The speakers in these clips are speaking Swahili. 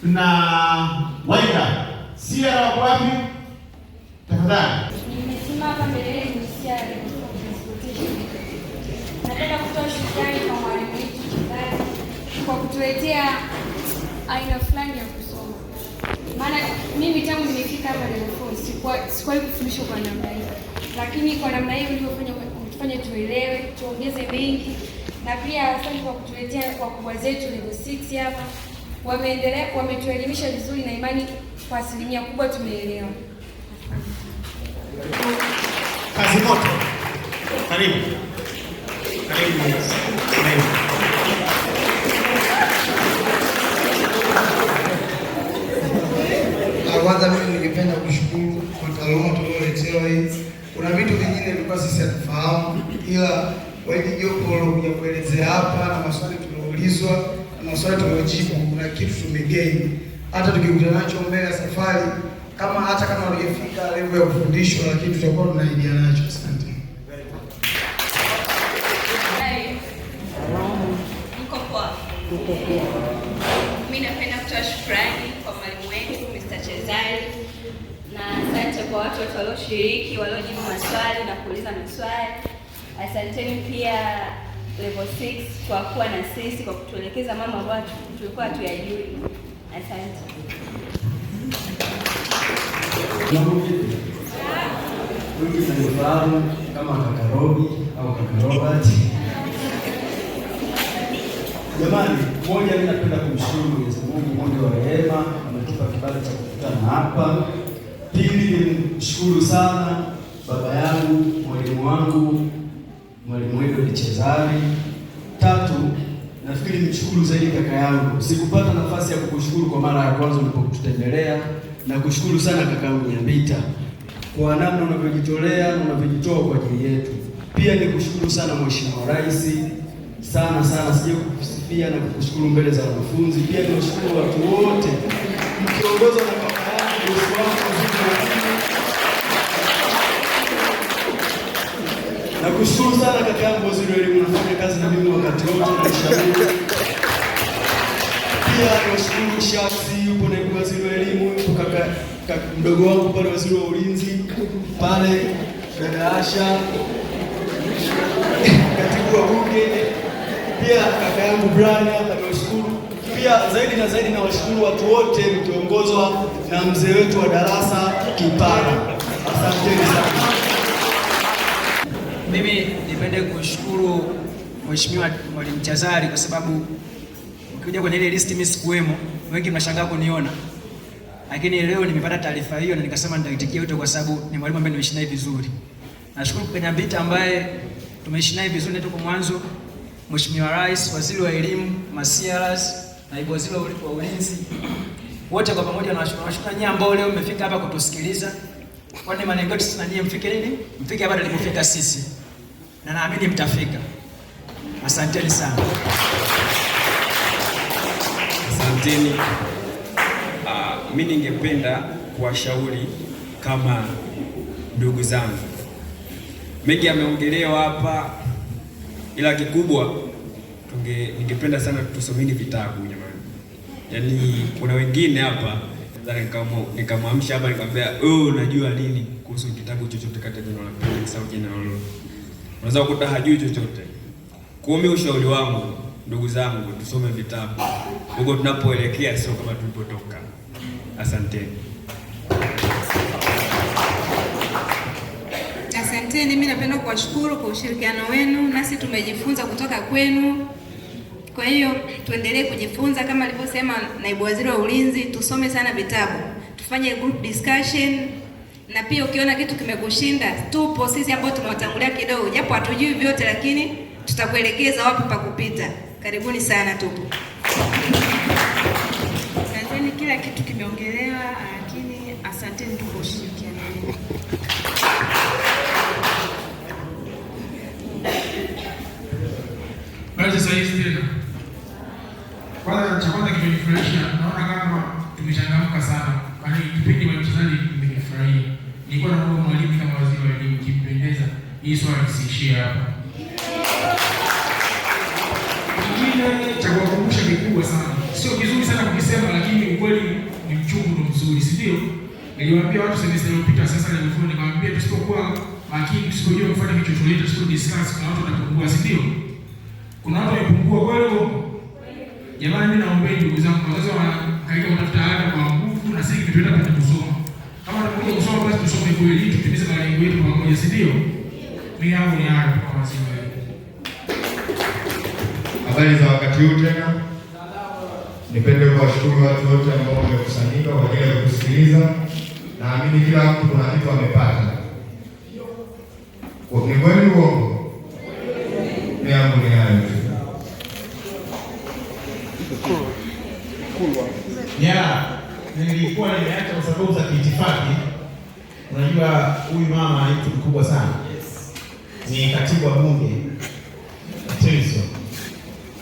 tunawaita Sierra wako wapi? Tafadhali. Nimesimama mbele yenu kutoa shukrani kwa mwalimu wetu Kizazi kwa kutuletea aina fulani ya kusoma, maana mimi tangu nimefika hapa level sikuwahi kufundishwa kwa namna hii, lakini kwa namna hii ulivyofanya kutufanya tuelewe, tuongeze mengi, na pia asante kwa kutuletea kubwa zetu level six hapa wameendelea wametuelimisha vizuri na imani kwa asilimia kubwa tumeelewa. Kazi moto. Karibu. Karibu. Ah, kwanza mimi ningependa kushukuru kwa taaluma tulioletewa hii. Kuna vitu vingine vilikuwa sisi hatufahamu, ila wengi jopo waliokuja kuelezea hapa na maswali tulioulizwa na maswali tuliojibu kuna kitu tumegain, hata tukikutana nacho mbele ya safari, kama hata kama hatujafika level ya kufundishwa, lakini tutakuwa tunaidia nacho. Asante. Mimi napenda kutoa shukrani kwa mwalimu wetu Mr. Chezari na asante kwa watu wote walioshiriki, waliojibu maswali na kuuliza maswali. Asanteni pia level 6 kwa kuwa na sisi kwa kutuelekeza mambo ambayo tulikuwa hatuyajui. Asante. Mimi nanifahamu kama kaka Robi au kaka Robert. Jamani, moja, mimi napenda kumshukuru Mwenyezi Mungu mwingi wa rehema, ametupa kibali cha kukutana hapa. Pili, nimshukuru sana baba yangu, mwalimu wangu mwalimu wetu chezari Tatu, nafikiri mshukuru zaidi kaka yangu, sikupata nafasi ya kukushukuru kwa mara ya kwanza ulipotutembelea, na kushukuru sana kaka yangu Nyambita kwa namna unavyojitolea na unavyojitoa kwa ajili yetu. Pia nikushukuru sana Mheshimiwa Rais sana sana, sije kukusifia na kukushukuru mbele za wanafunzi. Pia niwashukuru watu wote mkiongozwa na kaka yangu Nikushukuru sana kaka yangu waziri wa elimu, nafanya kazi na mimi wakati wote na ushauri. Pia niwashukuru Shaksi, yupo naibu waziri wa elimu, yupo kaka mdogo wangu pale waziri wa ulinzi pale, dada Asha katibu wa bunge, pia kaka yangu Brian amewashukuru. Pia zaidi na zaidi nawashukuru watu wote mkiongozwa na mzee wetu wa darasa Kipara, asanteni sana. Mimi nipende kushukuru Mheshimiwa Mwalimu Chazari kwa sababu ukija kwenye ile listi mimi sikuwemo, wengi mnashangaa kuniona, lakini leo nimepata taarifa hiyo na nikasema nitaitikia wito kwa sababu ni mwalimu ambaye nimeishi naye vizuri. Nashukuru kwa Kanyambita ambaye tumeishi naye vizuri na tuko mwanzo, Mheshimiwa Rais, Waziri wa Elimu, Masiaras, Naibu Waziri wa Ulinzi, wote kwa pamoja nawashukuru. Nashukuru nyinyi ambao leo mmefika hapa kutusikiliza, kwani malengo yetu sisi na nyinyi mfike nini, mfike hapa tulipofika sisi na naamini mtafika. Asanteni sana, asanteni. Uh, mi ningependa kuwashauri kama ndugu zangu, mengi yameongelewa hapa, ila kikubwa tunge ningependa sana tusomeni vitabu jamani. Yaani kuna wengine hapa nikamwamsha hapa nikamwambia, oh, unajua nini kuhusu kitabu chochote kati ya Neno la Pili au Neno unaweza kukuta hajui chochote. Kumi ushauri wangu ndugu zangu, tusome vitabu huko tunapoelekea, sio kama tulipotoka. Asanteni, asanteni. Mimi napenda kuwashukuru kwa ushirikiano wenu, nasi tumejifunza kutoka kwenu. Kwa hiyo tuendelee kujifunza, kama alivyosema naibu waziri wa ulinzi, tusome sana vitabu, tufanye group discussion na pia ukiona kitu kimekushinda, tupo sisi ambao tumewatangulia kidogo, japo hatujui vyote, lakini tutakuelekeza wapi pa kupita. Karibuni sana, tupo kazeni. Kila kitu kimeongelewa, lakini asanteni, tupo ushirikiano Kwanza cha kwanza kimenifurahisha, naona kama tumechangamka sana, kwani kipindi wa mchezaji Nilikuwa na mwalimu kama waziri wa elimu, kimpendeza hii swala lisiishie hapa. Kingine cha kuwakumbusha kikubwa sana, sio vizuri sana kukisema, lakini ukweli ni mchungu, ndo mzuri, si ndio? Niliwaambia watu semester iliyopita, sasa nilifuna nikamwambia, tusipokuwa makini, tusipojua kufanya vichochole, tusipo discuss, kuna watu watapungua, si ndio? Kuna watu wamepungua hiyo Jamani, mimi naombeni ndugu zangu, wazazi wa kaika ada kwa nguvu na sisi tunaenda kwenye tunapokuja kusoma basi tusome kweli, tutimize malengo yetu kwa pamoja, si ndio? Mimi yangu ni hayo kwa wazima wetu. Habari za wakati huu tena. Nipende kuwashukuru watu wote ambao wamekusanyika kwa ajili ya kusikiliza. Naamini kila mtu kuna kitu amepata. Kwa ni kweli uongo? Mimi yangu ni hayo. Yeah, nilikuwa nimeacha kwa sababu za kiitifaki. Unajua huyu mama ni mtu mkubwa sana, ni katibu wa bunge Tillerson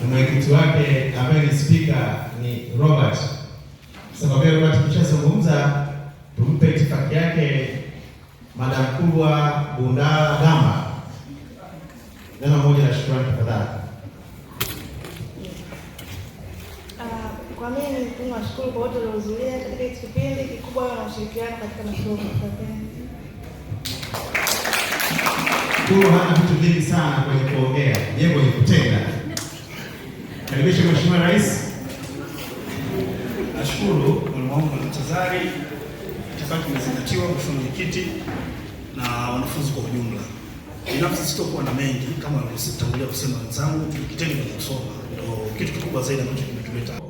na mwenyekiti wake ambaye ni spika ni Robert. Sasa Robert kushazungumza, tumpe itifaki yake Madam Kulwa Bundala Gamba. neno moja la shukrani tafadhali. tunashukuru kwa wote waliohudhuria katika hiki kipindi kikubwa na ushirikiano katika masomo. Huyu hana vitu vingi sana kwenye kuongea, yeye kwenye kutenda. Karibisha Mheshimiwa Rais. Nashukuru mwalimu wangu na Tazari, itifaki imezingatiwa, Mheshimiwa Mwenyekiti na wanafunzi kwa ujumla. Binafsi sitokuwa na mengi kama walivyotangulia kusema wenzangu, tukitenda kusoma, ndio kitu kikubwa zaidi ambacho kimetuleta